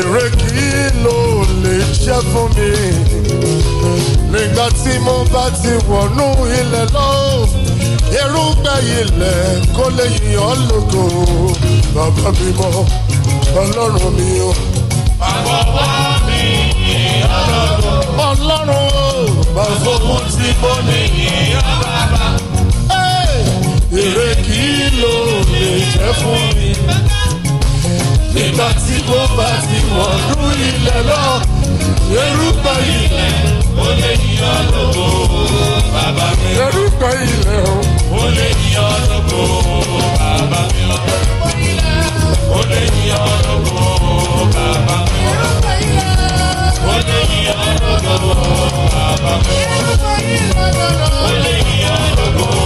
èrè kí ló lè jẹ́ fún mi nígbà tí mo bá ti wọnú ilẹ̀ lọ́wọ́ erúgbẹ́ ilẹ̀ kó lè yàn lóko bàbá mi mọ́ ọlọ́run mi o. bàbá mi ìyá ọlọ́run o. bàbá òun tí mo ní ìyá bàbá. èrè kí ló lè jẹ́ fún mi nígbà tí kò bá ti wọ̀ lú ilẹ̀ lọ erúpẹ̀ ilẹ̀ ó lè yọ lógo bàbá mi. erúpẹ̀ ilẹ̀ o ó lè yọ lógo bàbá mi. ó lè yọ lógo bàbá mi. erúpẹ̀ ilẹ̀ ó lè yọ lógo bàbá mi. erúpẹ̀ ilẹ̀ ó lè yọ lógo.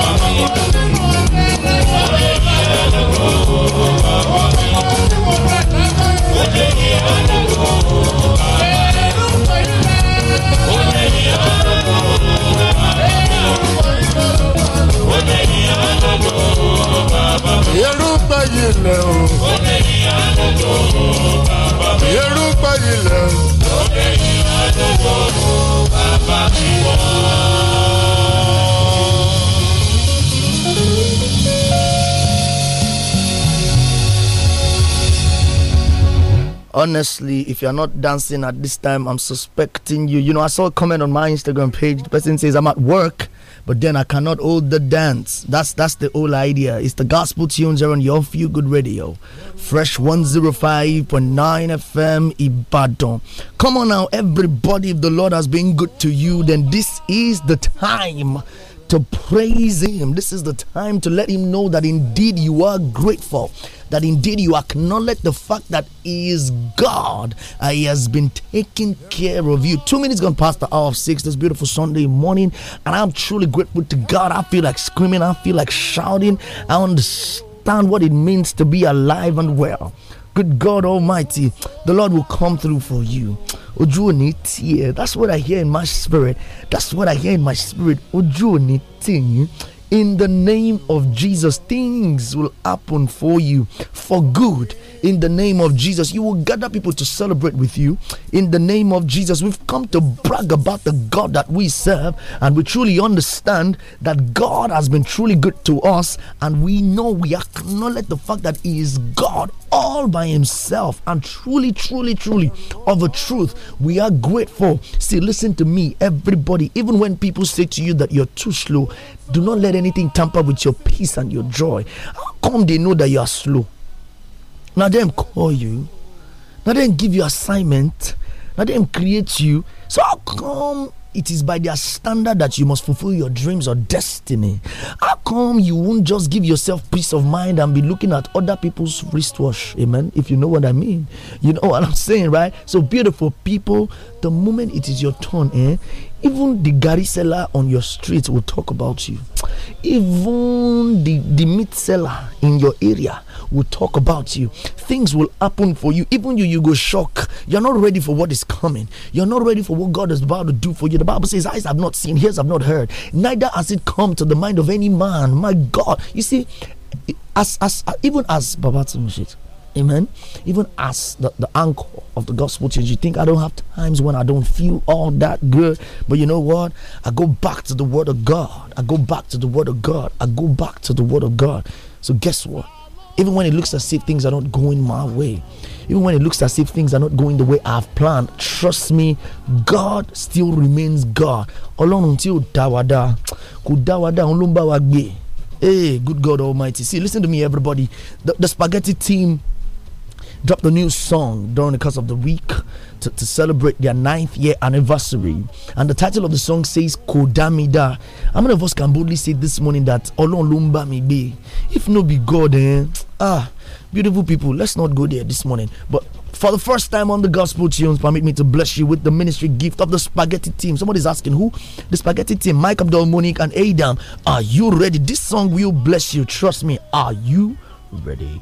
honestly, if you're not dancing at this time, I'm suspecting you. You know, I saw a comment on my Instagram page. The person says, I'm at work but then I cannot hold the dance. That's that's the whole idea. It's the gospel tunes here on your few good radio, fresh 105.9 FM Ibadan. Come on now, everybody. If the Lord has been good to you, then this is the time to praise Him. This is the time to let Him know that indeed you are grateful, that indeed you acknowledge the fact that He is God. He has been taking care of you. Two minutes gone past the hour of six this beautiful Sunday morning, and I'm truly grateful to God. I feel like screaming, I feel like shouting. I understand what it means to be alive and well. Good God Almighty, the Lord will come through for you. ojo ni tiẹ̀. That's what I hear in my spirit. That's what I hear in my spirit. ojo ni tiẹ̀. In the name of Jesus, things will happen for you for good. In the name of Jesus, you will gather people to celebrate with you. In the name of Jesus, we've come to brag about the God that we serve, and we truly understand that God has been truly good to us, and we know we acknowledge the fact that He is God all by Himself, and truly, truly, truly, of a truth, we are grateful. See, listen to me, everybody, even when people say to you that you're too slow, do not let anything tamper with your peace and your joy. How come they know that you are slow? Now them call you. Now them give you assignment. Now them create you. So how come it is by their standard that you must fulfill your dreams or destiny. How come you won't just give yourself peace of mind and be looking at other people's wristwatch? Amen. If you know what I mean, you know what I'm saying, right? So, beautiful people, the moment it is your turn, eh, even the gari seller on your street will talk about you. Even the, the meat seller in your area will talk about you. Things will happen for you. Even you, you go shock. You're not ready for what is coming. You're not ready for what God is about to do for you. The Bible says, Eyes have not seen, ears have not heard. Neither has it come to the mind of any man. My God. You see, as as even as Babatunde Amen. Even as the, the anchor of the gospel change, you think I don't have times when I don't feel all that good. But you know what? I go back to the word of God. I go back to the word of God. I go back to the word of God. So guess what? Even when it looks as if things are not going my way, even when it looks as if things are not going the way I've planned, trust me, God still remains God. Ọlọ́run until ò dá wa dá, dá wa Hey, good God Almighty. See, listen to me, everybody. The, the spaghetti team dropped a new song during the course of the week to, to celebrate their ninth year anniversary. And the title of the song says Kodamida. How many of us can boldly say this morning that Olon Lumba may be? If no be God, eh? Ah, beautiful people, let's not go there this morning. But for the first time on the gospel tunes, permit me to bless you with the ministry gift of the spaghetti team. Somebody's asking who? The spaghetti team, Mike Abdul Monique and Adam. Are you ready? This song will bless you. Trust me. Are you ready?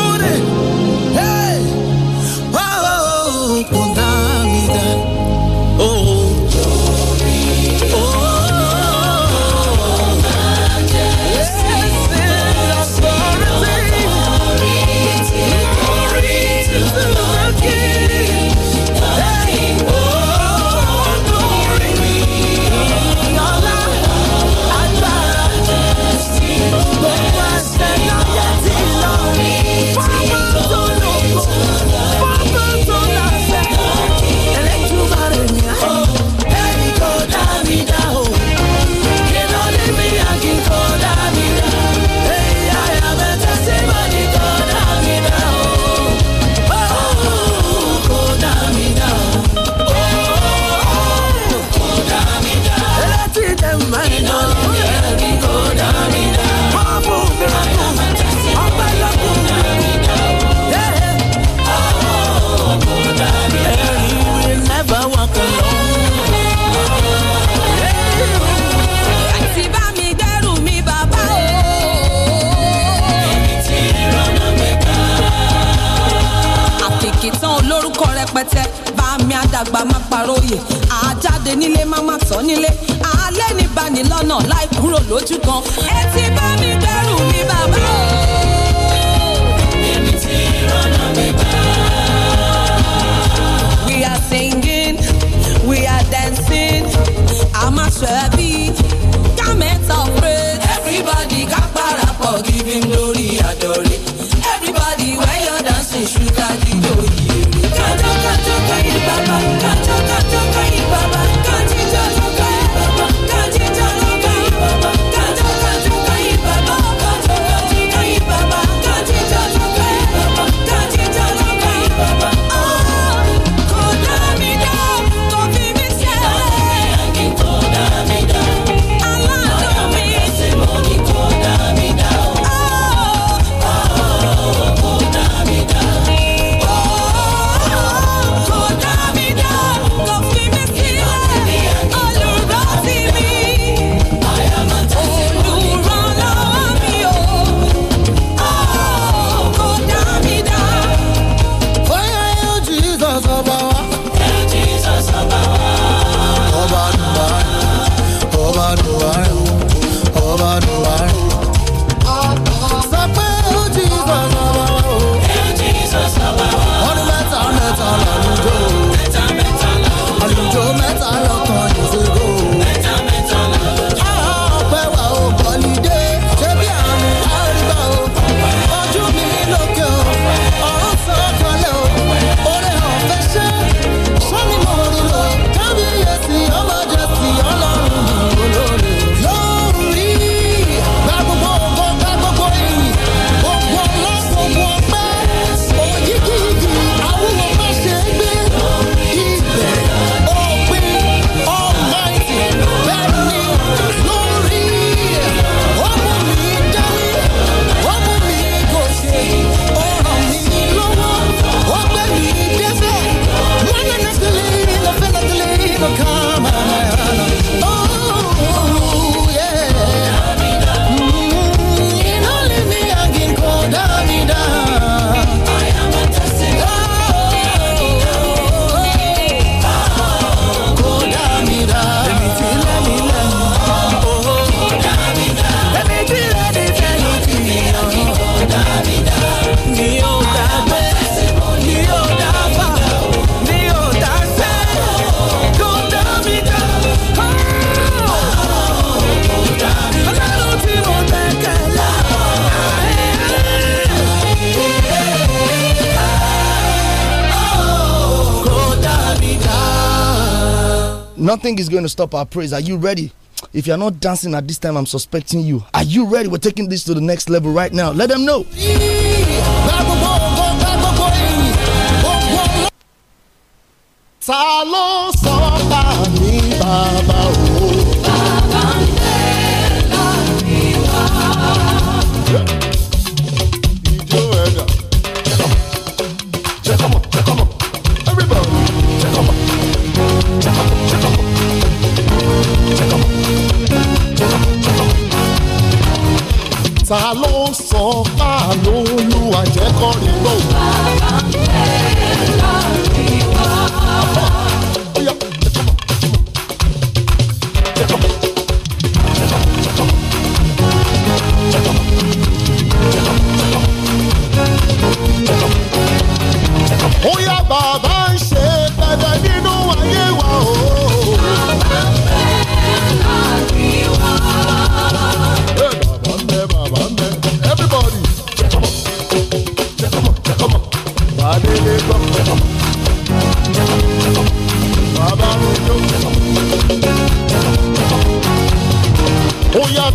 dàgbà má paróyè àjáde nílé má má tọ́ nílé alẹ́ ní bani lọ́nà láì kúrò lójú kan ẹ bá mi bẹ̀rù mi bàbá we are singing we are dancing a máa ṣọ́ ẹbí. Nothing is going to stop our praise. Are you ready? If you're not dancing at this time, I'm suspecting you. Are you ready? We're taking this to the next level right now. Let them know. mi bàbá o. ta ló ń sọ ká ló ń lu àjẹkọrin lóhùn.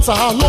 dançar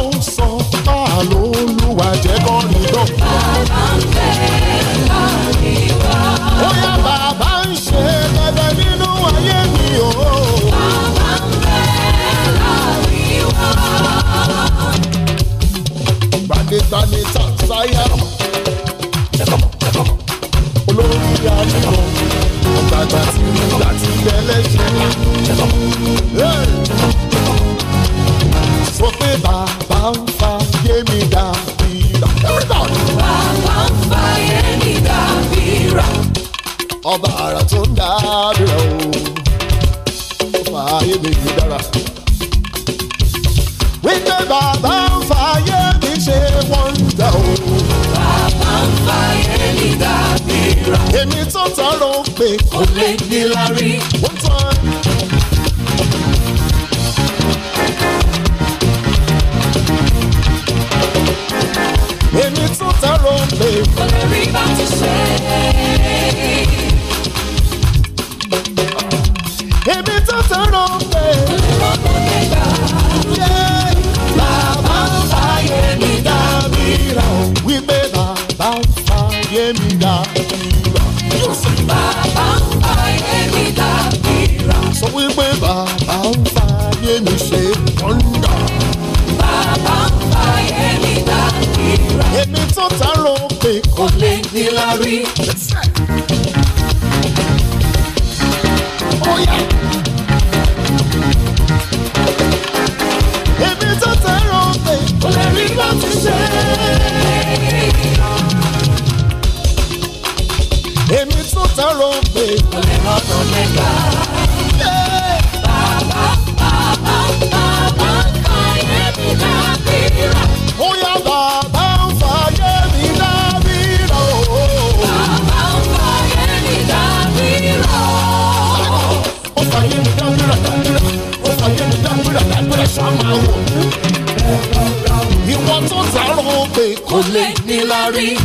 ìwọ tó dárò pé kò lè ní lárí.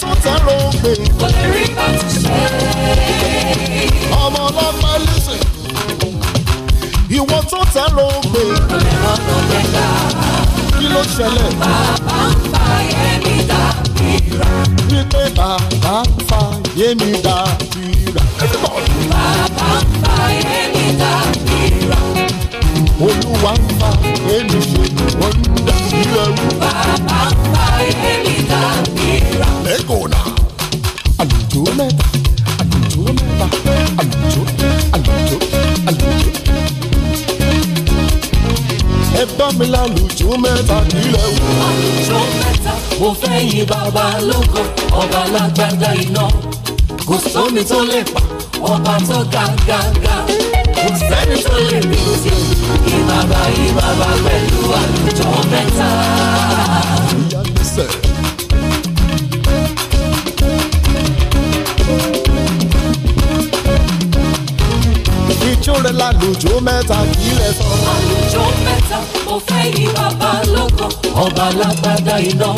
tó tẹ́ ló ń gbé. kò lè rí bá ti ṣe. ọmọ ọlọ́pàá lẹ́sẹ̀. ìwọ tó tẹ́ ló ń gbé. kò lè rọ́pò gbẹ̀gbà. kí ló ṣẹlẹ̀? bàbá ń fa yẹmi dá ìrà. wípé bàbá ń fa yẹmi dá ìrà. bàbá ń fa yẹmi dá ìrà. olúwa ń fa èmi ṣe wọ́n ń dá ìrẹ̀rù. bàbá ń fa yẹmi dá ìrà rẹ̀ gònà. àlùjò mẹ́ta àlùjò mẹ́ta àlùjò àlùjò àlùjò. ẹ bá mi lálùjò mẹ́ta nílẹ̀ wò. àlùjò mẹ́ta mo fẹ́ yìn bàbá lóko ọba lágbádá iná kò sómi tó lè pa ọba tó ga ga ga kò sẹ́ni tó lè bí o ti ìbàbá ìbàbá pẹ̀lú àlùjò mẹ́ta. rẹ̀ lálùjọ mẹ́ta kì í lẹ̀ sọ. àlùjọ mẹ́ta mo fẹ́ ní bàbá lọ́kàn ọba alágbádá iná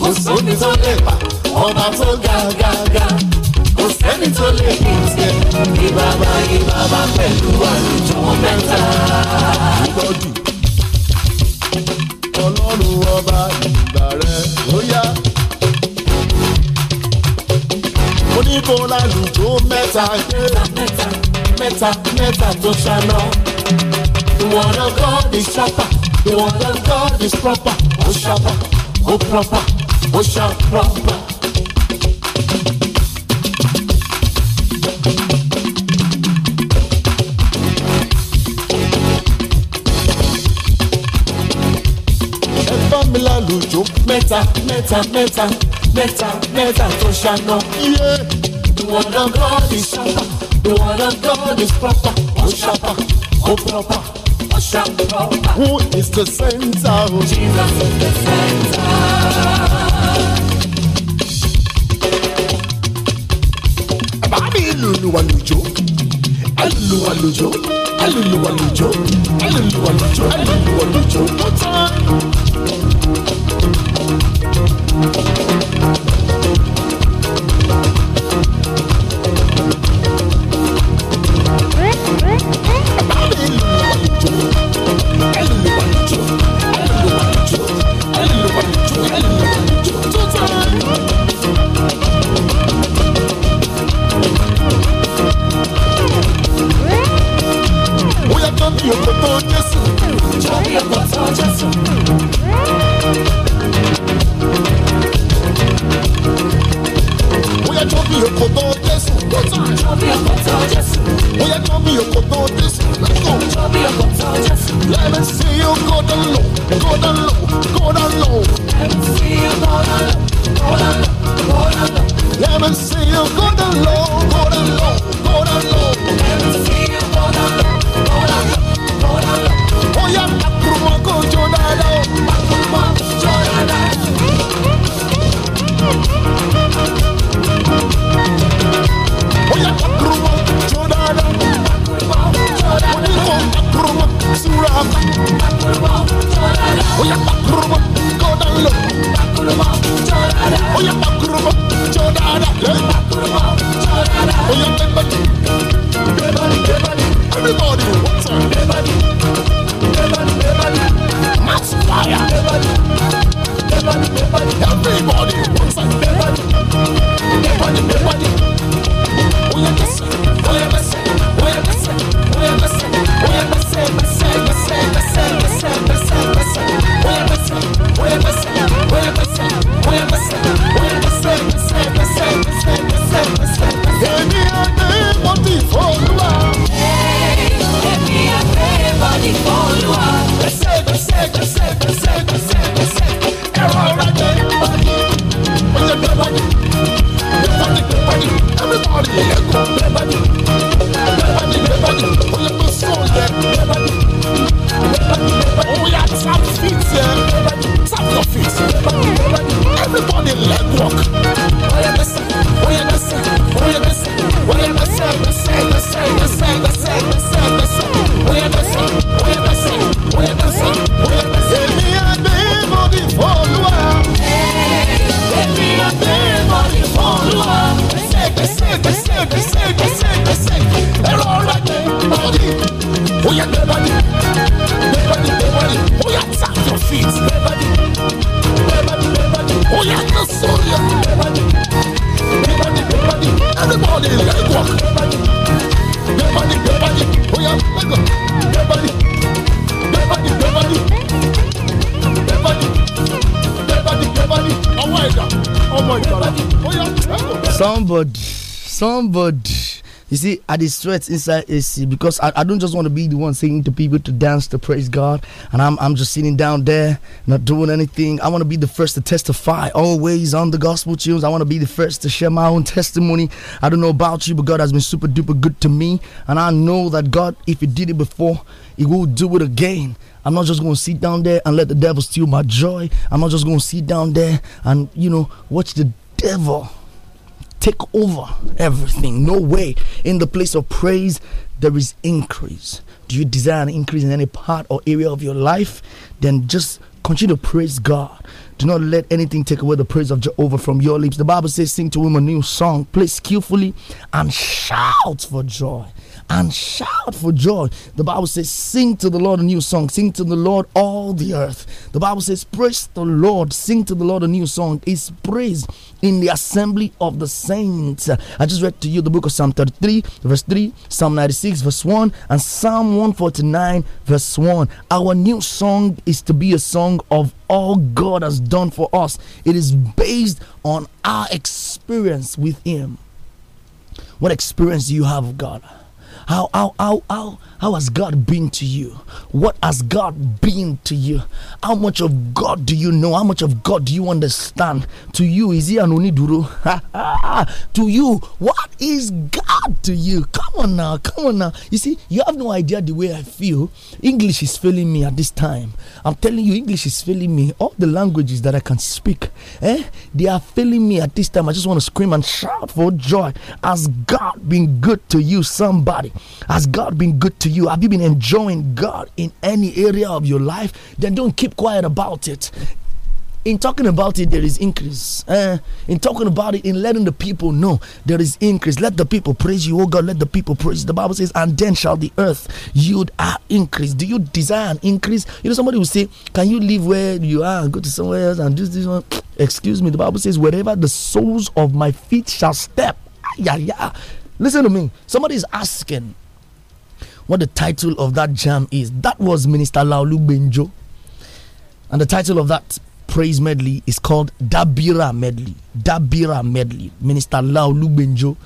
kò sómi tó lè bà ọba tó ga ga ga kò sẹ́ni tó lè fi tiẹ̀ ní bàbá yìí bàbá pẹ̀lú àlùjọ mẹ́ta. ìtọ́jú ọlọ́run ọba ìgbà rẹ̀ ó yá. oníkó lálùjọ mẹ́ta gbé mẹ́ta mẹ́ta tó sá lọ. The word of God is sharper. The word of God is proper. Ó sharper, ó proper, ó sharp proper. lójó mẹ́ta mẹ́ta mẹ́ta mẹ́ta mẹ́ta tó ṣáná. Ìwọ̀n God is ìṣàkóso. The word of God is proper, oh sharper, oh proper, oh sharp proper. Who is the center? Jesus is the center. Bàbá ìlú wa lùjọ́, ẹlú wa lùjọ́, ẹlú wa lùjọ́, ẹlú wa lùjọ́, ẹlú wa lùjọ́, ó tán. just a fool. you see, I distress inside AC because I, I don't just want to be the one singing to people to dance to praise God, and I'm I'm just sitting down there not doing anything. I want to be the first to testify always on the gospel tunes. I want to be the first to share my own testimony. I don't know about you, but God has been super duper good to me, and I know that God, if He did it before, He will do it again. I'm not just going to sit down there and let the devil steal my joy. I'm not just going to sit down there and you know watch the devil take over everything. No way. In the place of praise, there is increase. Do you desire an increase in any part or area of your life? Then just continue to praise God. Do not let anything take away the praise of Jehovah from your lips. The Bible says, Sing to him a new song, play skillfully, and shout for joy and shout for joy. The Bible says, Sing to the Lord a new song, sing to the Lord all the earth. The Bible says, Praise the Lord, sing to the Lord a new song. Is praise in the assembly of the saints. I just read to you the book of Psalm 33, verse 3, Psalm 96, verse 1, and Psalm 149, verse 1. Our new song is to be a song of all God has done for us, it is based on our experience with Him. What experience do you have of God? 嗷嗷嗷嗷！How has God been to you? What has God been to you? How much of God do you know? How much of God do you understand? To you, is he an uniduro? to you, what is God to you? Come on now, come on now. You see, you have no idea the way I feel. English is failing me at this time. I'm telling you, English is failing me. All the languages that I can speak, eh? They are failing me at this time. I just want to scream and shout for joy. Has God been good to you, somebody? Has God been good to to you? Have you been enjoying God in any area of your life? Then don't keep quiet about it. In talking about it, there is increase. Uh, in talking about it, in letting the people know, there is increase. Let the people praise you, oh God. Let the people praise. The Bible says, "And then shall the earth yield our increase." Do you desire an increase? You know, somebody will say, "Can you live where you are and go to somewhere else and do this one?" Excuse me. The Bible says, "Wherever the soles of my feet shall step." Yeah, yeah. Listen to me. Somebody is asking, what the title of that jam is. That was Minister Laulu Benjo. And the title of that praise medley is called Dabira Medley. Dabira Medley. Minister Laulu Benjo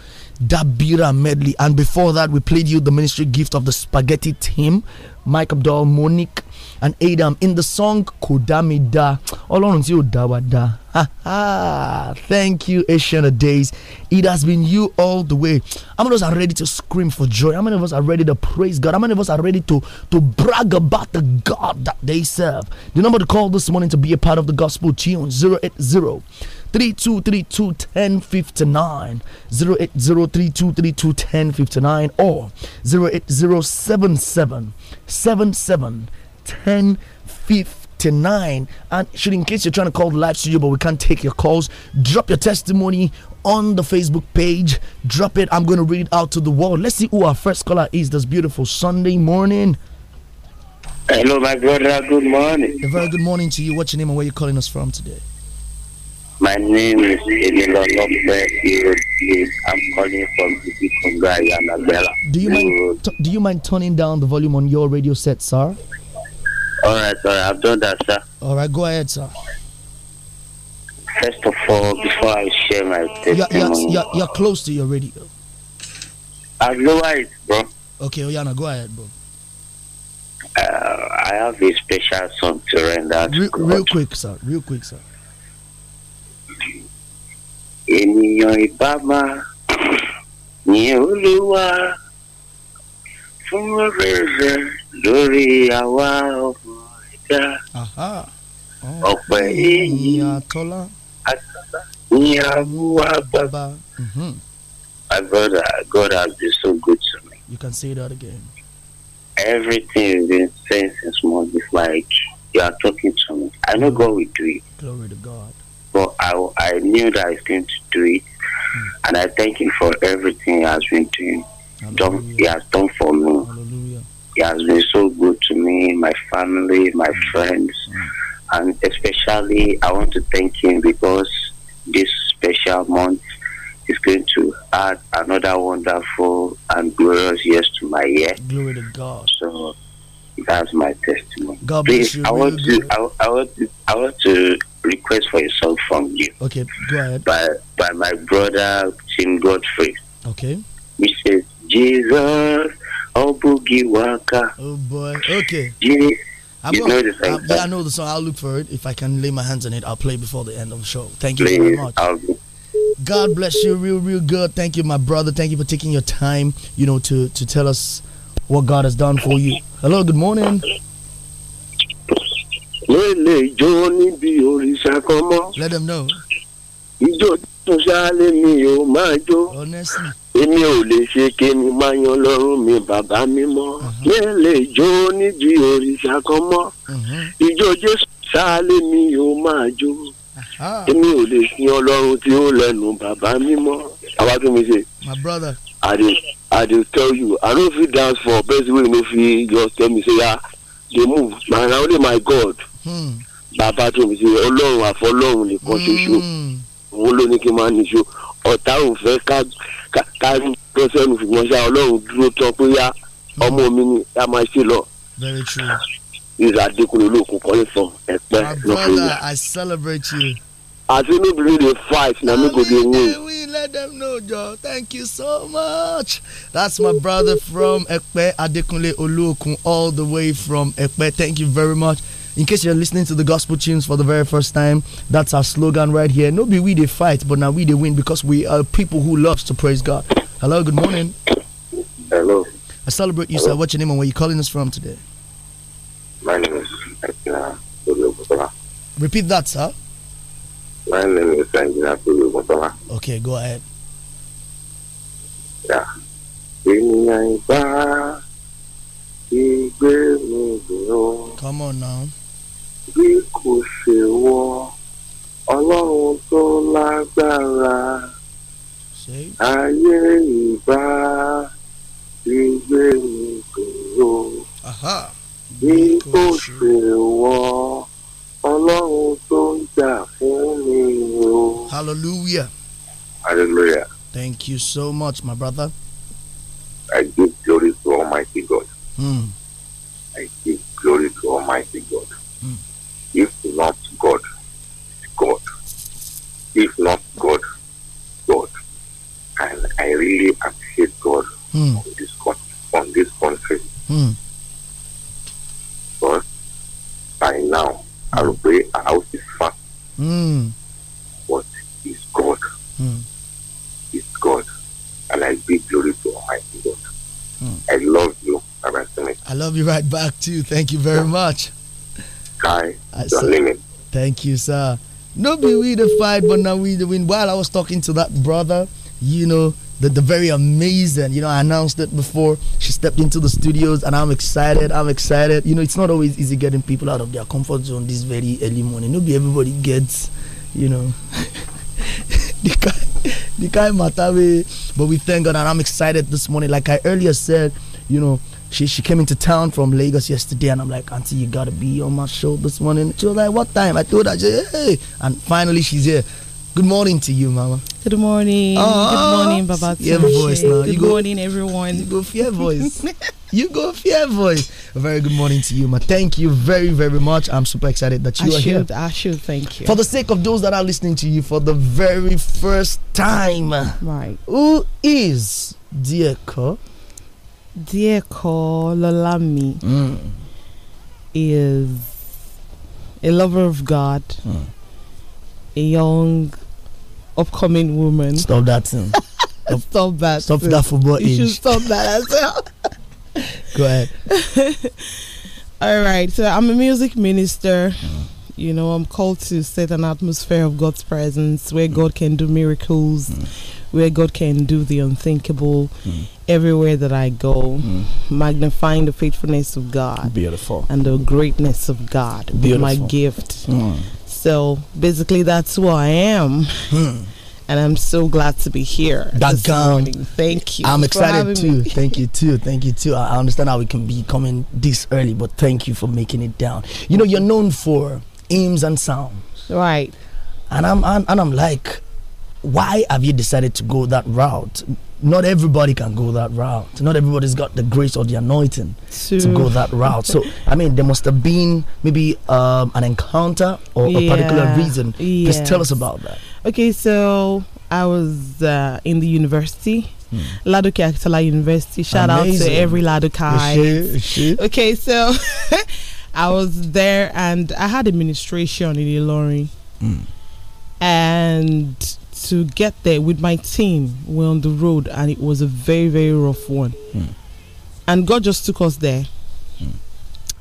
Dabira medley. And before that, we played you the ministry gift of the spaghetti team, Mike Abdul, Monique, and Adam in the song Kodami Da. Olorun Ha ha. Thank you, Asian Days. It has been you all the way. How many of us are ready to scream for joy? How many of us are ready to praise God? How many of us are ready to, to brag about the God that they serve? The number to call this morning to be a part of the gospel tune 080 3232 or 08077 and should in case you're trying to call the live studio but we can't take your calls drop your testimony on the Facebook page. Drop it. I'm going to read it out to the world. Let's see who our first caller is this beautiful Sunday morning. Hello, my brother. Good morning. A very good morning to you. What's your name and where you calling us from today? My name is Emilio Lopez. I'm calling from and Abella. Do you mind? do you mind turning down the volume on your radio set, sir? All right, all right. I've done that, sir. All right, go ahead, sir. First of all, before I share my testimony, you're, you're, you're close to your radio. I've lowered it, bro. Okay, Oyana, go ahead, bro. Uh, I have a special song to render. Real, real quick, sir. Real quick, sir ènìyàn ibama, ní olúwa fún rere lórí àwa ọmọ ẹ̀dá ọ̀pẹ̀ èyí àtọ́lá ní àbúwá bàbá. Mhm. My brother, God has been so good to me. You can say that again. Everything you been saying since morning is like you are talking to me. I know mm. God will do it. Glory to God but I, I knew that he's going to do it. Mm. And I thank him for everything he has been doing. Done, he has done for me. Hallelujah. He has been so good to me, my family, my mm. friends. Mm. And especially, I want to thank him because this special month is going to add another wonderful and glorious year to my year. Glory to God. So that's my testimony. God Please, you. I want, to, I, I, want to, I want to request for a song from you. Okay, go ahead. By, by my brother Tim Godfrey. Okay. He says, Jesus, oh boogie waka. Oh boy, okay. Jesus. i you know the song? yeah, I know the song. I'll look for it. If I can lay my hands on it, I'll play before the end of the show. Thank you Please, very much. I'll God bless you, real, real good. Thank you, my brother. Thank you for taking your time, you know, to to tell us what God has done for you. Hello, good morning. wọ́n lè jó níbi òrìṣà kan mọ́. let them know. ìjó tún ṣáálé mi ò máa jó. èmi ò lè ṣe kéènì máa yan lọ́rùn mi bàbá mi mọ́. wọ́n lè jó níbi òrìṣà kan mọ́. ìjó jésù ṣáálé mi ò máa jó. èmi ò lè sin ọlọ́run tí ó lẹ́nu bàbá mi mọ́. àwa tún mi ṣe. my brother. i dey i dey tell you i no fit dance for person wey no fit just tell me say ya ah, dey move na only my god bàbá tó mi ọlọ́run àfọlọ́run nìkan ṣoṣo hmm. òun ló ní kí n máa nìṣó ọ̀tá ò fẹ́ ká rí pẹ́sẹ́nu ṣùgbọ́n ṣá ọlọ́run dúró tán pé yá ọmọ hmm. mi ni a máa ṣe lọ. very true. ìzà àdékùnrin olóòkú kọ́lé ẹ̀pẹ́ lọ́kùnrin. my brother I celebrate you. as you no gree fight na me go dey win. we let them know joe thank you so much. that's my brother from Epe Adekunle Oluokun all the way from Epe thank you very much. in case you're listening to the gospel tunes for the very first time, that's our slogan right here. No be we they fight, but now we they win because we are people who loves to praise God. Hello, good morning. Hello. I celebrate you, Hello. sir. What's your name and where you calling us from today? My name is Engineer Repeat that, sir. My name is Engineer Okay, go ahead. Yeah. Come on now bí kò ṣe wọ ọlọ́run tó lágbára ayé ìbá gbígbé mi gbòòrò bí kò ṣe wọ ọlọ́run tó ń jà fún mi o. hallelujah. hallelujah. thank you so much my brother. I give glory to Almighty God. Mm. I give glory to Almighty God. Mm. If not God, God. If not God, God. And I really appreciate God mm. on this con- on this country. Mm. But by now, I'll way out the fact: Mm. God. Mm. It's God. And I give glory to Almighty God. Mm. I love you, I love you right back too. Thank you very yeah. much sky I the limit. Thank you, sir. No be we the fight, but now we the win. While I was talking to that brother, you know, the, the very amazing, you know, I announced it before. She stepped into the studios and I'm excited. I'm excited. You know, it's not always easy getting people out of their comfort zone this very early morning. No be everybody gets, you know. the guy the guy matter but we thank God and I'm excited this morning. Like I earlier said, you know, she she came into town from Lagos yesterday, and I'm like, Auntie, you gotta be on my show this morning. She was like, What time? I told her, Hey, and finally she's here. Good morning to you, Mama. Good morning. Good ah, morning, Baba. Your voice now. Good you go, morning, everyone. You go fear voice. you go fear voice. A very good morning to you, ma. Thank you very, very much. I'm super excited that you I are should, here. I should thank you. For the sake of those that are listening to you for the very first time. Right. Who is Co? Dieko Lolami mm. is a lover of God, mm. a young, upcoming woman. Stop that thing. Stop, stop that. Stop thing. that football you age. should stop that as well. Go ahead. All right. So I'm a music minister. Mm. You know, I'm called to set an atmosphere of God's presence where hmm. God can do miracles, hmm. where God can do the unthinkable. Mm everywhere that I go, mm. magnifying the faithfulness of God. Beautiful. And the greatness of God. Beautiful. My gift. Mm. So basically, that's who I am. Mm. And I'm so glad to be here. That morning. Thank you. I'm excited too. Thank you too. Thank you too. I understand how we can be coming this early, but thank you for making it down. You know, you're known for aims and sounds. Right. And I'm and I'm like, why have you decided to go that route? not everybody can go that route. Not everybody's got the grace or the anointing to, to go that route. So, I mean, there must have been maybe um, an encounter or yeah. a particular reason. Yes. Just tell us about that. Okay, so I was uh, in the university. Mm. Ladoke Akitala University. Shout Amazing. out to every Ladokai. Okay, so I was there and I had administration in Ilorin. Hmm. And to get there with my team. We're on the road, and it was a very, very rough one. Mm. And God just took us there. Mm.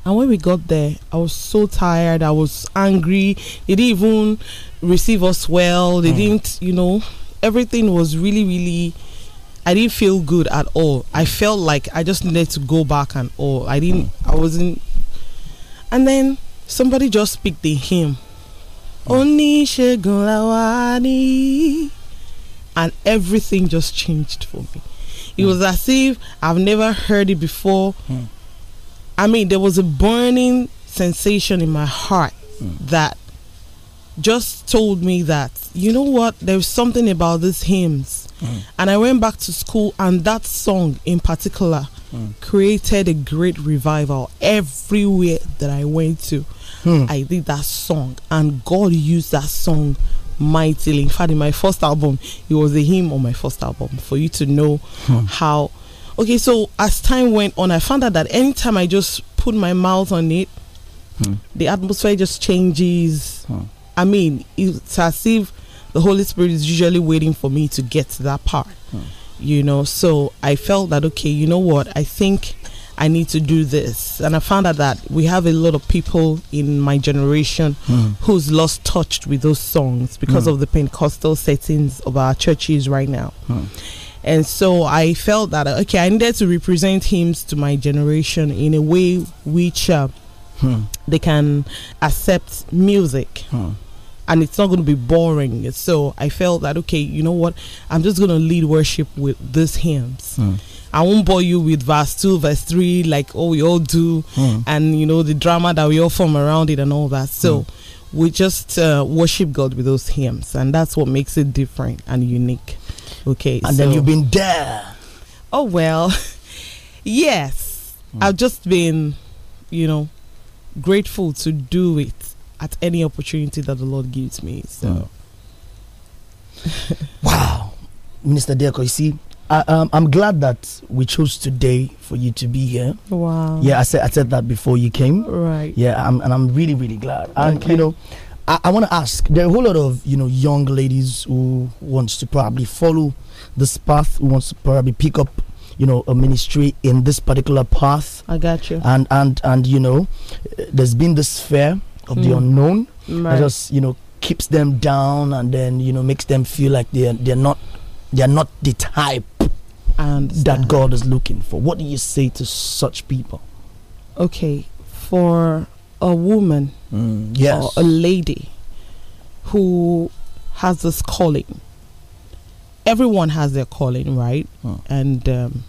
And when we got there, I was so tired. I was angry. They didn't even receive us well. They mm. didn't, you know, everything was really, really. I didn't feel good at all. I felt like I just needed to go back and all. I didn't. Hmm. I wasn't. And then somebody just picked the hymn Oníṣègùn làwa ní. And everything just changed for me. It mm. was as if I've never heard it before. Mm. I mean, there was a burning sensation in my heart mm. that just told me that, you know what, there's something about these hymns. And I went back to school, and that song in particular created a great revival everywhere that I went to. Hmm. I did that song, and God used that song mightily. In fact, in my first album, it was a hymn on my first album for you to know hmm. how. Okay, so as time went on, I found out that anytime I just put my mouth on it, hmm. the atmosphere just changes. Hmm. I mean, it's as if the Holy Spirit is usually waiting for me to get to that part, hmm. you know. So I felt that, okay, you know what? I think I need to do this. And I found out that we have a lot of people in my generation mm. who's lost touch with those songs because mm. of the Pentecostal settings of our churches right now. Mm. And so I felt that, uh, okay, I needed to represent hymns to my generation in a way which uh, hmm. they can accept music hmm. and it's not going to be boring. So I felt that okay, you know what? I'm just going to lead worship with these hymns. Mm. I won't bore you with verse 2, verse 3, like oh, we all do, mm. and you know, the drama that we all form around it and all that. So mm. we just uh, worship God with those hymns, and that's what makes it different and unique. Okay. And so, then you've been there. Oh, well, yes. Mm. I've just been, you know, grateful to do it at any opportunity that the Lord gives me. So. Hmm. wow. Minister Deco, you see, I, um, I'm glad that we chose today for you to be here. Wow. Yeah, I said I said that before you came. Right. Yeah, I'm, and I'm really really glad. And okay. you know, I, I want to ask. There are a whole lot of you know young ladies who wants to probably follow this path, who wants to probably pick up you know a ministry in this particular path. I got you. And and and you know, there's been this fear of mm. the hmm. unknown right. that just you know keeps them down and then you know makes them feel like they're they're not they're not the type that God is looking for? What do you say to such people? Okay, for a woman mm, yes. or a lady who has this calling, everyone has their calling, right? Oh. And um,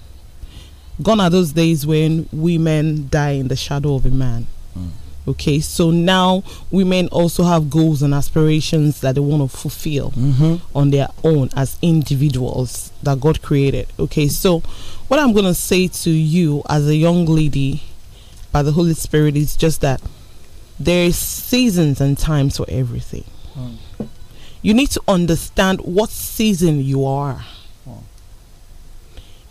gone are those days when women die in the shadow of a man. Mm. Okay, so now women also have goals and aspirations that they want to fulfill mm -hmm. on their own as individuals that God created. Okay, so what I'm going to say to you as a young lady by the Holy Spirit is just that there is seasons and times for everything. Mm. You need to understand what season you are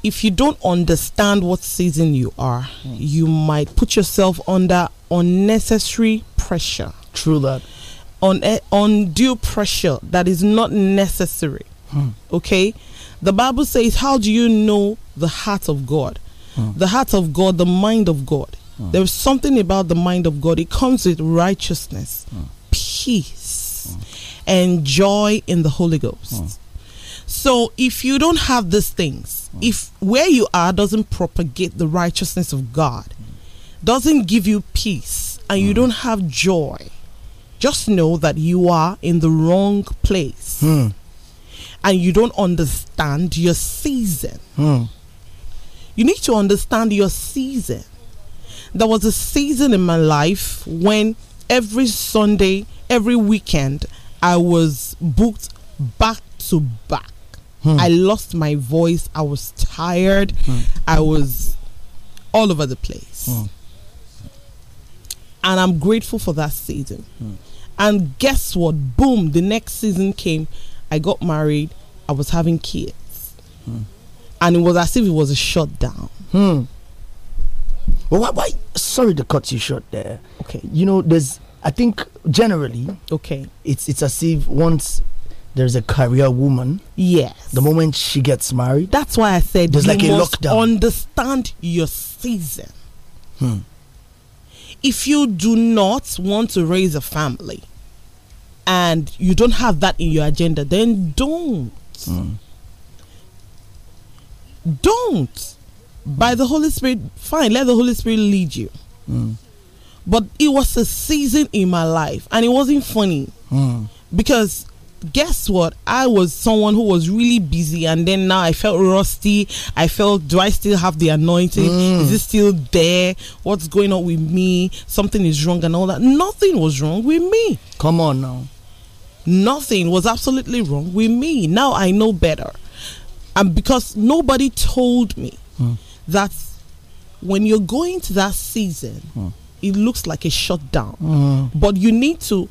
if you don't understand what season you are, mm. you might put yourself under unnecessary pressure. True that. On undue eh, pressure that is not necessary. Mm. Okay? The Bible says, How do you know the heart of God? Mm. The heart of God, the mind of God. Hmm. There is something about the mind of God. It comes with righteousness, hmm. peace, hmm. and joy in the Holy Ghost. So if you don't have these things, Mm. If where you are doesn't propagate the righteousness of God, doesn't give you peace, and you mm. don't have joy, just know that you are in the wrong place hmm. and you don't understand your season. Mm. You need to understand your season. There was a season in my life when every Sunday, every weekend, I was booked back to back. Hmm. I lost my voice. I was tired. Hmm. I was all over the place. Hmm. And I'm grateful for that season. Hmm. And guess what? Boom, the next season came. I got married. I was having kids. Hmm. And it was as if it was a shutdown. Hmm. Well, why, why? Sorry to cut you short there. Okay. You know, there's I think generally, okay, it's it's as if once there's a career woman. Yes. The moment she gets married. That's why I said there's like a lockdown. Understand your season. Hmm. If you do not want to raise a family and you don't have that in your agenda, then don't. Hmm. Don't. Hmm. By the Holy Spirit, fine, let the Holy Spirit lead you. Hmm. But it was a season in my life and it wasn't funny hmm. because guess what? I was someone who was really busy, and then now I felt rusty. I felt, do I still have the anointing? Mm. Is it still there? What's going on with me? Something is wrong, and all that. Nothing was wrong with me. Come on now. Nothing was absolutely wrong with me. Now I know better. And because nobody told me mm. that when you're going to that season, mm. it looks like a shutdown. Hmm. But you need to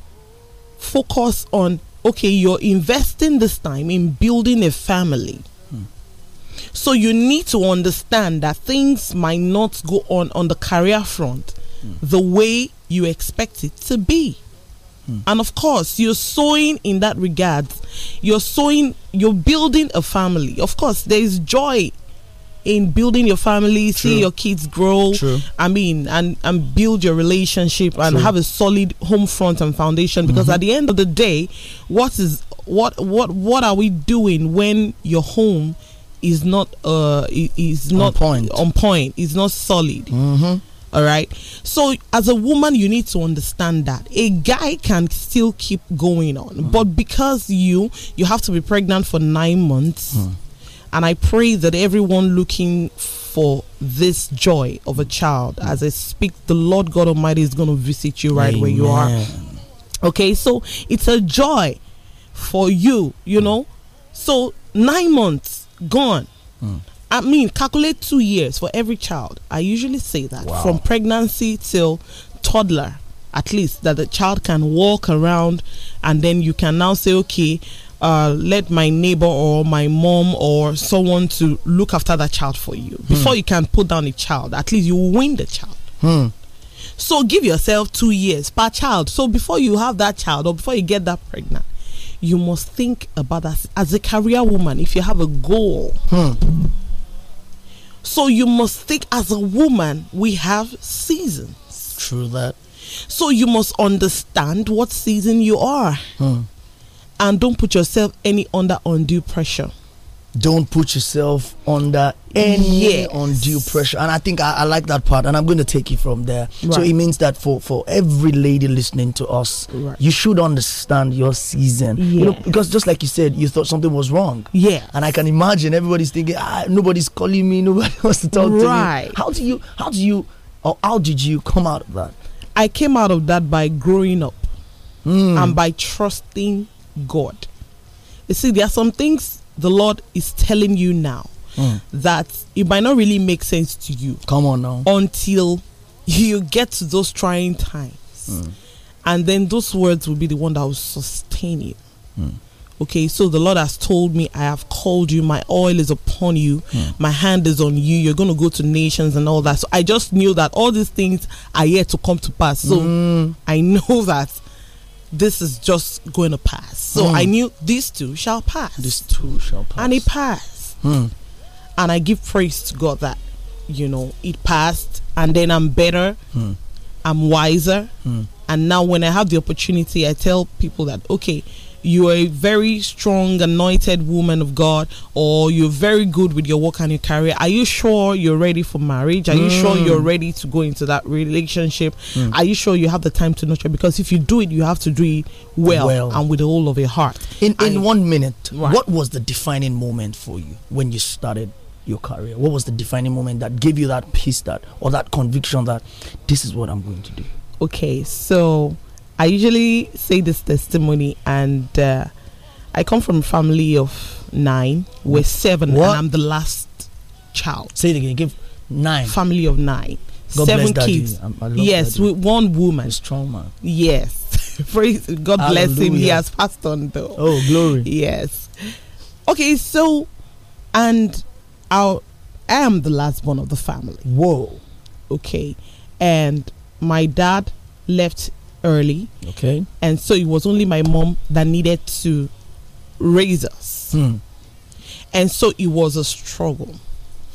focus on okay, you're investing this time in building a family. Hmm. So you need to understand that things might not go on on the career front hmm. the way you expect it to be. Hmm. And of course, you're sowing in that regard. You're sowing, you're building a family. Of course, there is joy in building your family, True. see your kids grow. True. I mean, and and build your relationship and True. have a solid home front and foundation. Because mm -hmm. at the end of the day, what is what what what are we doing when your home is not uh is not on point? On point, is not solid. Mm -hmm. All right. So as a woman, you need to understand that a guy can still keep going on, mm. but because you you have to be pregnant for nine months. Mm. And I pray that everyone looking for this joy of a child, as I speak, the Lord God Almighty is going to visit you right Amen. where you are. Okay, so it's a joy for you, you know. So nine months gone. Mm. I mean, calculate two years for every child. I usually say that wow. from pregnancy till toddler, at least that the child can walk around, and then you can now say, okay, uh, let my neighbor or my mom or someone to look after that child for you. Hmm. Before you can put down a child, at least you win the child. Hmm. So give yourself two years per child. So before you have that child or before you get that pregnant, you must think about that as a career woman if you have a goal. Hmm. So you must think as a woman, we have seasons. True that. So you must understand what season you are. Hmm and don't put yourself any under undue pressure don't put yourself under any yes. undue pressure. And I think I, I, like that part, and I'm going to take it from there. Right. So it means that for for every lady listening to us, right. you should understand your season. Yes. You know, because just like you said, you thought something was wrong. Yeah. And I can imagine everybody's thinking, ah, nobody's calling me, nobody wants to talk right. to me. How do you? How do you? Or how did you come out of that? I came out of that by growing up, mm. and by trusting God. You see, there are some things the Lord is telling you now mm. that it might not really make sense to you. Come on now. Until you get to those trying times. Mm. And then those words will be the one that will sustain you. Mm. Okay, so the Lord has told me, I have called you, my oil is upon you, hmm. my hand is on you, you're going to go to nations and all that. So I just knew that all these things are yet to come to pass. So hmm. I know that this is just going to pass. So mm. I hmm. knew these two shall pass. These two shall pass. And it passed. Mm. And I give praise to God that, you know, it passed. And then I'm better. Mm. I'm wiser. Hmm. And now when I have the opportunity, I tell people that, okay, you are a very strong, anointed woman of God, or you're very good with your work and your career. Are you sure you're ready for marriage? Are you mm. sure you're ready to go into that relationship? Mm. Are you sure you have the time to nurture? Because if you do it, you have to do it well, well. and with all of your heart. In in one minute, right. what was the defining moment for you when you started your career? What was the defining moment that gave you that peace that or that conviction that this is what I'm going to do? Okay, so I usually say this testimony, and uh, I come from a family of nine. We're seven, what? and I'm the last child. Say it again. Give nine. Family of nine. God seven kids. yes, with one woman. A strong man. Yes. Praise God Hallelujah. bless him. He has passed on though. Oh, glory. Yes. Okay, so and i I am the last one of the family. Whoa. Okay. And my dad left early. Okay. And so it was only my mom that needed to raise us. Hmm. And so it was a struggle.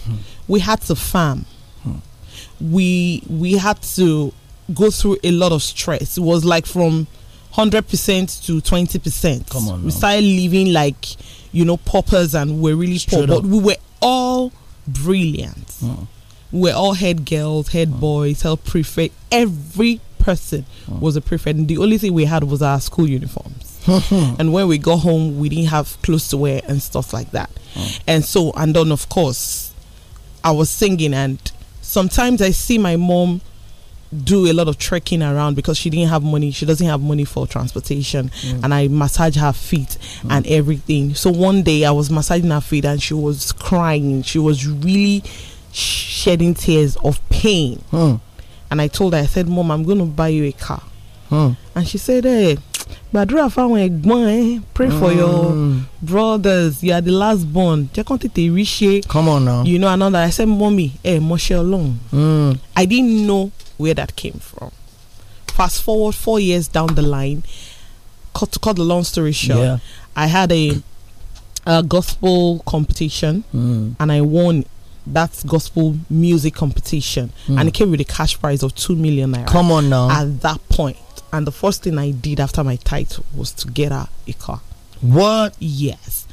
Hmm. We had to farm. Hmm. We we had to go through a lot of stress. It was like from 100% to 20%. Come on. Now. We started living like, you know, paupers and we were really Straight poor, up. but we were all brilliant. Hmm. We are all head girls, head hmm. boys, head prefect, every person oh. was a prefect. And the only thing we had was our school uniforms. and when we got home, we didn't have clothes to wear and stuff like that. Oh. And so, and then of course, I was singing, and sometimes I see my mom do a lot of trekking around because she didn't have money. She doesn't have money for transportation, mm. and I massage her feet mm. and everything. So one day I was massaging her feet, and she was crying. She was really shedding tears of pain and I told her, I said, Mom, I'm going to buy you a car. Huh. Hmm. And she said, Hey, gbàdúrà fáwọn ẹ̀gbọ́n ẹ̀ pray mm. for your hmm. brothers you are the last born jẹ́ kàn tètè rí come on now. you know another I said mummy ẹ mọṣẹ́ ọlọ́run. Hmm. I didn't know where that came from. Fast forward four years down the line cut to cut the long story short yeah. I had a, a gospel competition mm. and I won that gospel music competition mm. and hmm. it came with a cash prize of 2 million naira. Come on now. At that And the first thing I did after my title was to get her a car. What? Yes.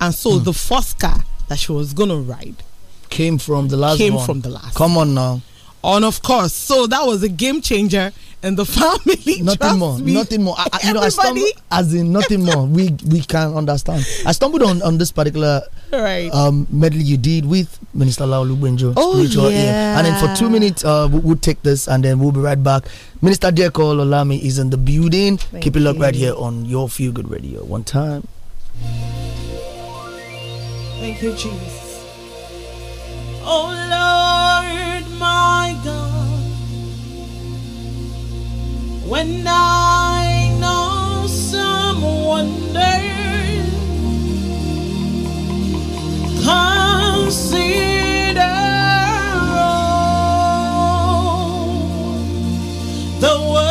And so mm. the first car that she was going to ride came from the last came one. from the last. Come on now. And of course, so that was a game changer and the family. Nothing more. Me. Nothing more. I, I, you know, I stumbled, as in nothing more. We we can understand. I stumbled on on this particular right um medley you did with Minister Laolu Benjo. Oh yeah. And then for two minutes, uh, we, will take this and then we'll be right back. Minister Deko Olami is in the building. Thank Keep it locked right here on your Feel Good Radio. One time. Thank you, Jesus. Oh Lord, my God when I know someone there. Consider all the world.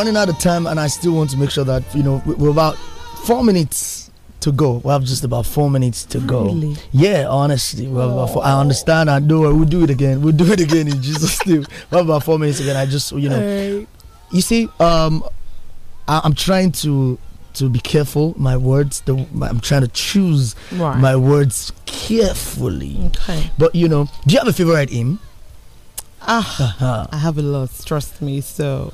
running out of time, and I still want to make sure that you know we're about four minutes to go. We have just about four minutes to go. Really? Yeah, honestly, we have about four, I understand. I know. We'll do it again. We'll do it again in Jesus' name. We have about four minutes again. I just you know, right. you see, um, I, I'm trying to to be careful my words the, my, i'm trying to choose right. my words carefully okay but you know do you have a favorite hymn ah uh-huh. i have a lot trust me so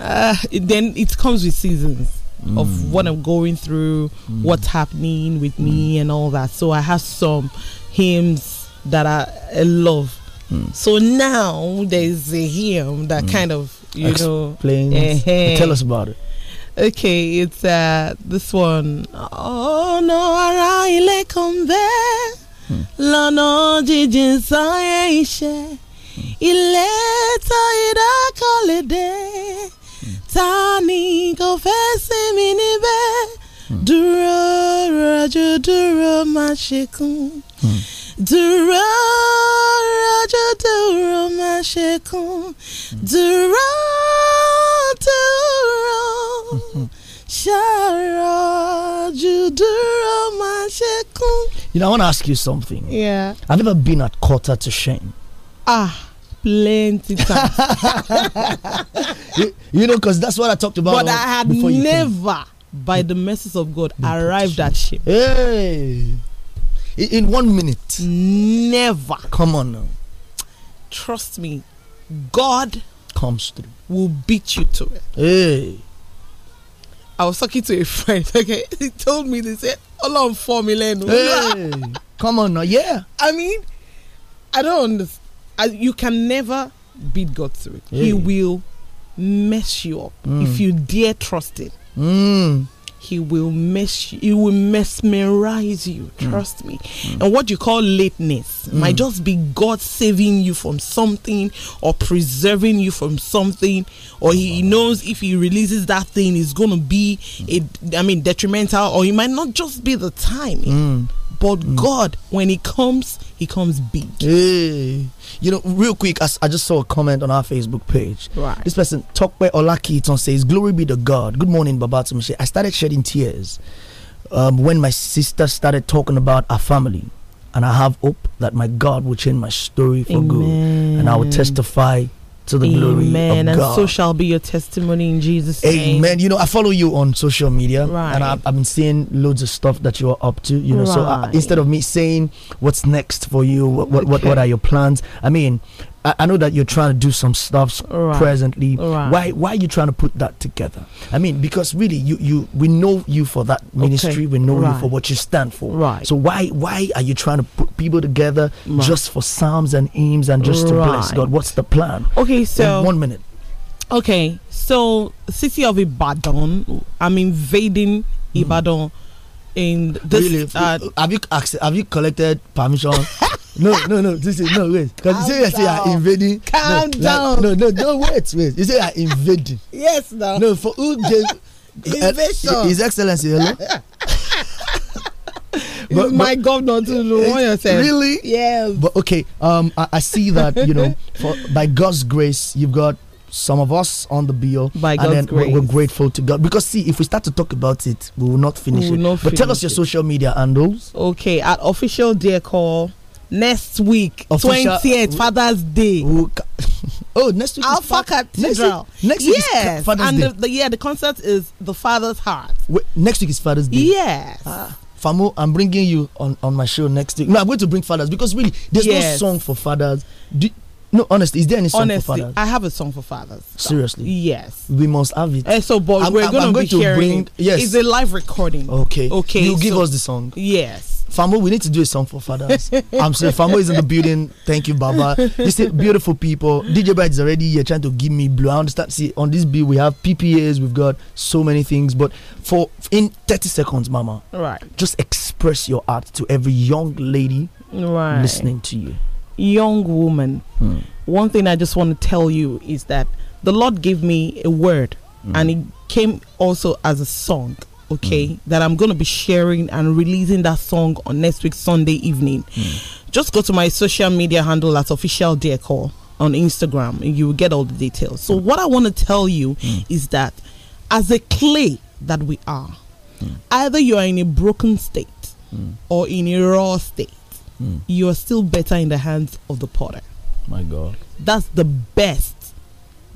uh, it, then it comes with seasons mm. of what I'm going through, mm. what's happening with me, mm. and all that. So I have some hymns that I, love. Mm. So now there's a hymn that mm. kind of you Explains. know. Uh-huh. Tell us about it. Okay, it's uh, this one. Oh hmm. no, ta ni kò fẹ́ sinmi níbẹ̀ dúró rọ̀jò dúró má ṣe kún hmm. dúró rọ̀jò dúró má ṣe kún hmm. dúró dúró hmm. dúró má ṣe kún. You know, I want to ask you something. Yeah. I've never been at quarter to shame. Ah plenty times. you, you, know, because that's what I talked about. But I had never, by the mercies of God, arrived at ship. Hey, in one minute. Never. Come on now. Trust me, God comes through. Will beat you to it. Hey. I was talking to a friend. Okay, he told me they said, "All on four Hey, come on now, yeah. I mean, I don't understand you can never beat God through it. Yeah. He will mess you up mm. if you dare trust Him. Mm. He will mess you, he will mesmerize you, mm. trust mm. me. And what you call lateness mm. might just be God saving you from something or preserving you from something, or He knows if He releases that thing, it's going to be, a, I mean, detrimental, or it might not just be the timing mm. But mm. God, when He comes, He comes big. Hey. You know, real quick, I, I, just saw a comment on our Facebook page. Right. This person, Tokwe Olakiton, says, Glory be to God. Good morning, Babatunde. I started shedding tears um, when my sister started talking about our family. And I have hope that my God will change my story for Amen. good. And I will testify to the Amen. glory And God. so shall be your testimony in Jesus' Amen. name. Amen. You know, I follow you on social media, right. and I've, I've, been seeing loads of stuff that you are up to. You know, uh, right. so I, instead of me saying what's next for you, what what, okay. what, what are your plans? I mean, I, I know that you're trying to do some stuff right. presently. Right. Why why are you trying to put that together? I mean, because really you, you we know you for that ministry, okay. we know right. you for what you stand for. Right. So why why are you trying to put people together just for psalms and hymns and just to bless God? What's the plan? Okay, so In one minute. Okay, so city of Ibadan, I'm invading hmm. Ibadan. Mm. In this, really? Uh, have you have you collected permission no no no this is no wait because you say yes you are invading calm no, down no no no wait wait you say you are invading yes now no for who gave eh, invasion uh, his excellency alone but, my but, governor to the one yourself. Really? Yeah. But okay, um, I, I see that you know, for, by God's grace, you've got some of us on the bill, by God's and then grace. We're, grateful to God because see, if we start to talk about it, we will not finish we will it. Not but tell us your it. social media handles. Okay, at official dear call next week, twentieth Father's Day. Oh, next week Alpha Cathedral. Next week, next week yes, is Father's and Day. The, the, yeah, the concert is the Father's Heart. Wait, next week is Father's Day. Yes. Ah. Famo, I'm bringing you on, on my show next week. No, I'm going to bring fathers because really, there's yes. no song for fathers. Do, no, honestly, is there any song honestly, for fathers? I have a song for fathers. Seriously? Yes. We must have it. Uh, so, but I'm, we're I'm, gonna I'm going to hearing, bring. Yes. It's a live recording. Okay. Okay. You so, give us the song. Yes. Famo, we need to do a song for fathers. I'm sorry, Famo is in the building. Thank you, Baba. is beautiful people. DJ Bite is already here trying to give me blue. I understand. See, on this bill, we have PPAs, we've got so many things. But for in 30 seconds, Mama, right? just express your art to every young lady right. listening to you young woman, mm. one thing I just want to tell you is that the Lord gave me a word mm. and it came also as a song, okay, mm. that I'm going to be sharing and releasing that song on next week, Sunday evening. Hmm. Just go to my social media handle that's official dear call on Instagram and you will get all the details. So, hmm. what I want to tell you hmm. is that as a clay that we are, either you are in a broken state or in a raw state mm. you are still better in the hands of the potter. My God. That's the best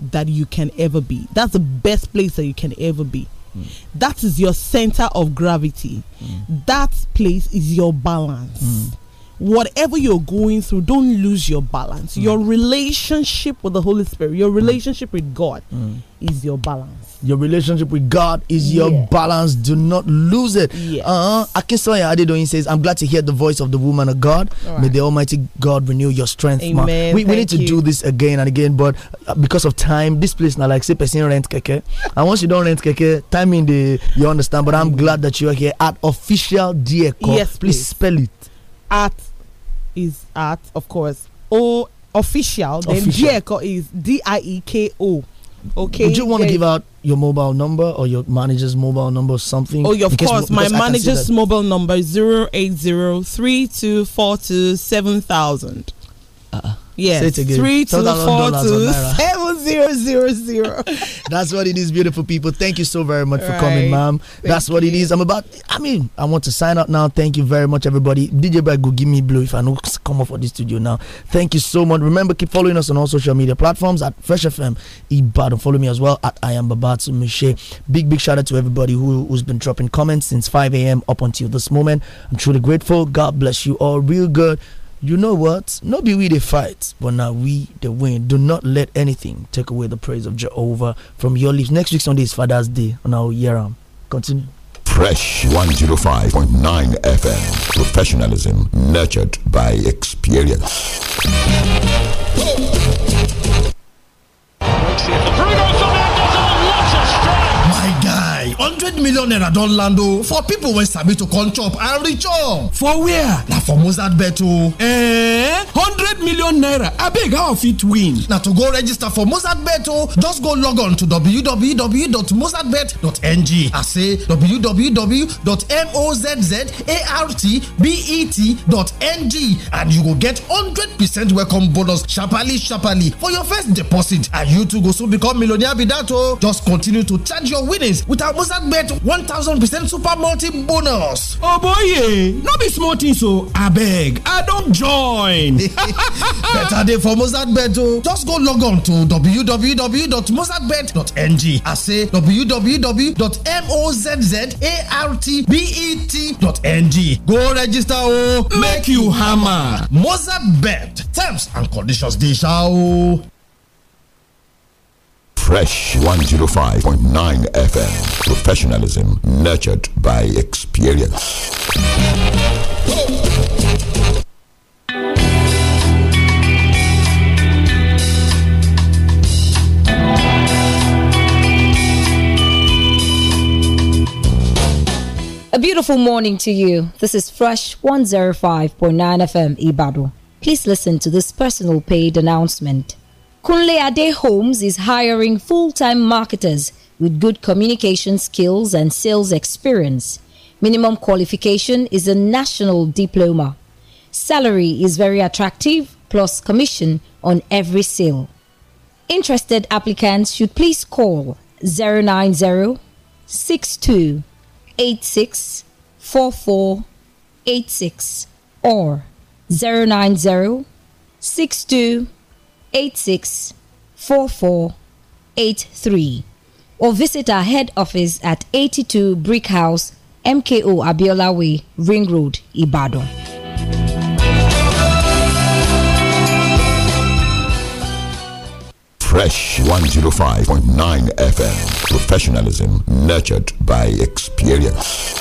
that you can ever be. That's the best place that you can ever be. Mm. That is your center of gravity. Mm. That place is your balance. Mm whatever you're going through, don't lose your balance. Mm. Your relationship with the Holy Spirit, your mm. relationship with God mm. is your balance. Your relationship with God is yeah. your balance. Do not lose it. Yes. Uh, uh-huh. Akinsoya Adedoyin says, I'm glad to hear the voice of the woman of God. Right. May the Almighty God renew your strength. Amen. We, we, need to you. do this again and again, but uh, because of time, this place now, like say, person rent keke. and once you don't rent keke, time in the, you understand. But I'm mm. glad that you are here at official DECO. Yes, please. please spell it at is at, of course, O official. Then Dieko is D I E K O. Okay. Would you want to give out your mobile number or your manager's mobile number or something? Oh, of because, course. My manager's mobile number is 08032427000. Uh, uh-uh. yes. Say it again. 32427000. 000. That's what it is, beautiful people. Thank you so very much right. for coming, ma'am. That's what you. it is. I'm about, I mean, I want to sign out now. Thank you very much, everybody. DJ Bagu go give me blue if I know come off of the studio now. Thank you so much. Remember, keep following us on all social media platforms at Fresh FM Ibadan. Follow me as well at I am Babatsu Big, big shout out to everybody who, who's been dropping comments since 5 a.m. up until this moment. I'm truly grateful. God bless you all. Real good you know what? Not be we the fight, but now we the win. Do not let anything take away the praise of Jehovah from your lips. Next week Sunday is Father's Day, and I'll hear him. Continue. Fresh 105.9 FM. Professionalism nurtured by experience. hundred million naira don land o for people wey sabi to come chop and reach up. for where? na for mozart bet o. Eh, hundred million naira abeg how i fit win? na to go register for mozart bet o just go log on to www.mozartbet.ng as say www.mozzartbet.ng and you go get hundred percent welcome bonus sharparly sharparly for your first deposit and you too go soon become millionaire be that o. just continue to charge your winnings with our mozart bet one thousand percent super multi bonus. Oh oboye no be small thing so oh. beg, i don't join. better day for mozart bet oh, just go log on to www.mozartbet.ng I say www.mozzartbet.ng go register oh. make you hammer mozart bet terms and conditions dey Fresh 105.9 FM. Professionalism nurtured by experience. A beautiful morning to you. This is Fresh 105.9 FM Ibado. Please listen to this personal paid announcement. Kunle Ade Homes is hiring full time marketers with good communication skills and sales experience. Minimum qualification is a national diploma. Salary is very attractive, plus commission on every sale. Interested applicants should please call 090 62 or 090 62 864483 or visit our head office at 82 Brick House, MKO Abiola Way, Ring Road, Ibadan. Fresh 105.9 FM. Professionalism nurtured by experience.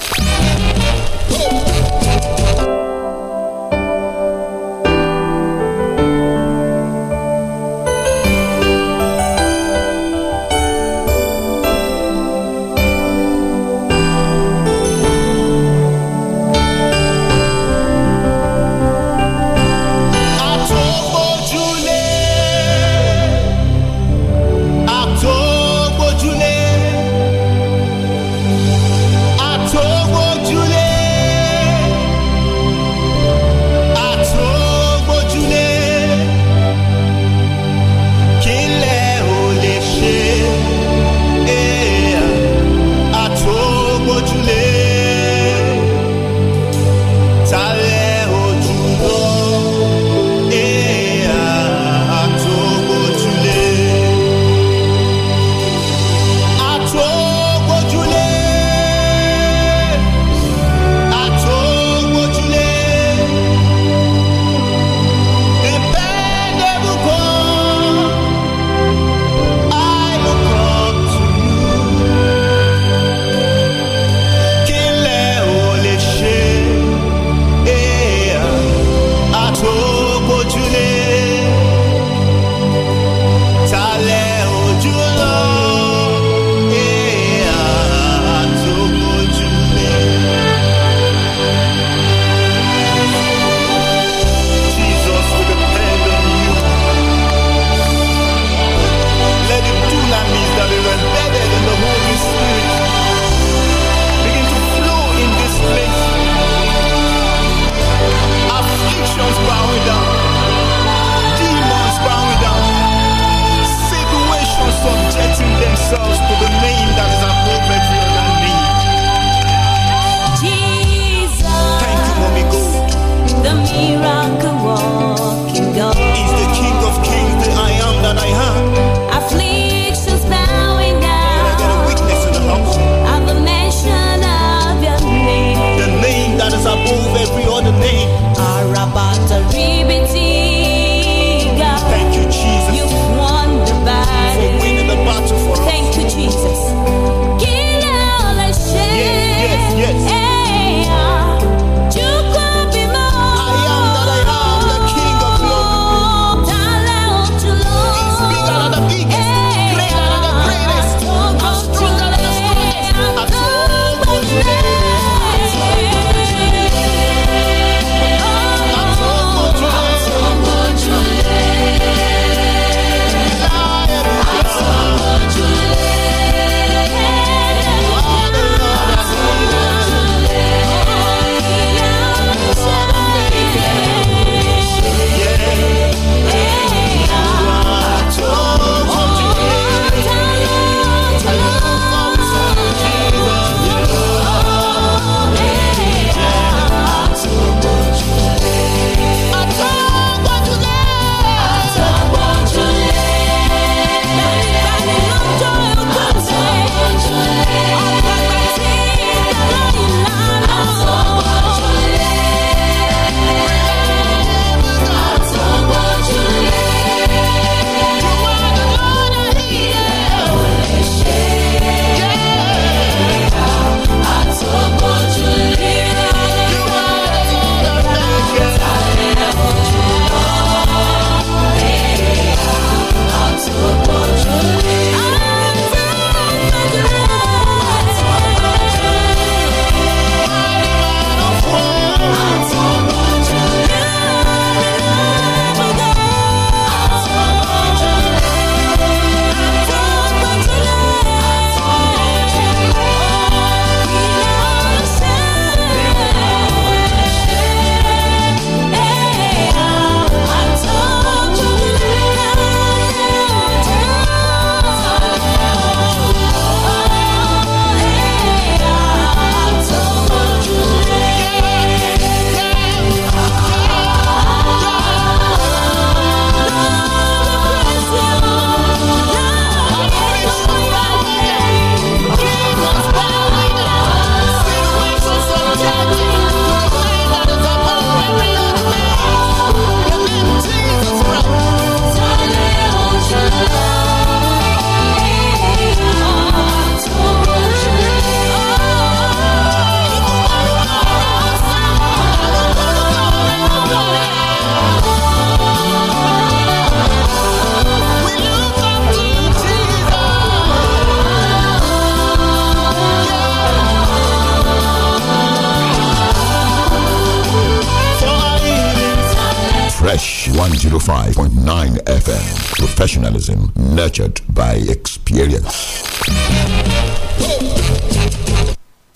professionalism nurtured by experience.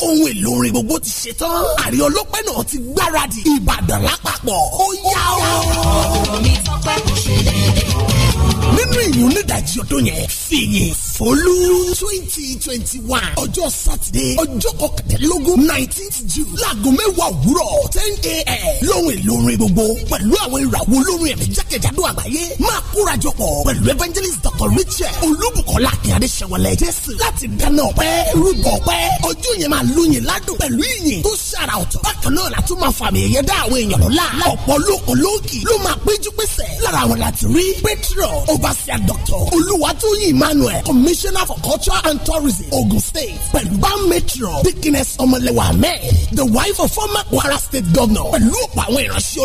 ohun èlò orin gbogbo ti ṣe àrí ọlọ́pẹ́ náà ti gbáradì. ìbàdàn lápapọ̀ ó yá o. nínú ìlú onídàájí ọdún yẹn fìyìn fọlú twenty twenty one ọjọ́ sátidé ọjọ́ kọkàndínlógún nineteenth june láago mẹ́wàá òwúrọ̀ ten a lórin gbogbo pẹ̀lú àwọn ìràwọ̀ olórin ẹ̀mí jákèjádò àgbáyé máa kóra jọ pọ̀ pẹ̀lú evangelist dr richard olúbùkọ́lá akínyàdé sẹ̀wọ̀lẹ̀ jésù láti dáná ọpẹ́ rúbọ ọpẹ́ ọjọ́ yẹn máa lóyin ládùn pẹ̀lú ìyìn tó ṣàrà ọ̀tọ̀ bákan náà látún máa fàmì ẹ̀yẹ dá àwọn èèyàn lọ́la ọ̀pọ̀ lóko lóòkì ló máa péjú pèsè lára àwọn láti rí petro overseer doctor olúwatóyìn emmanuel commissioner for culture and tourism ogun state former matron Dickiness Ọmọlẹ́wà Ahmed the wife of former Kwara state governor pẹ̀lú ọ̀pọ̀ àwọn ìránṣẹ́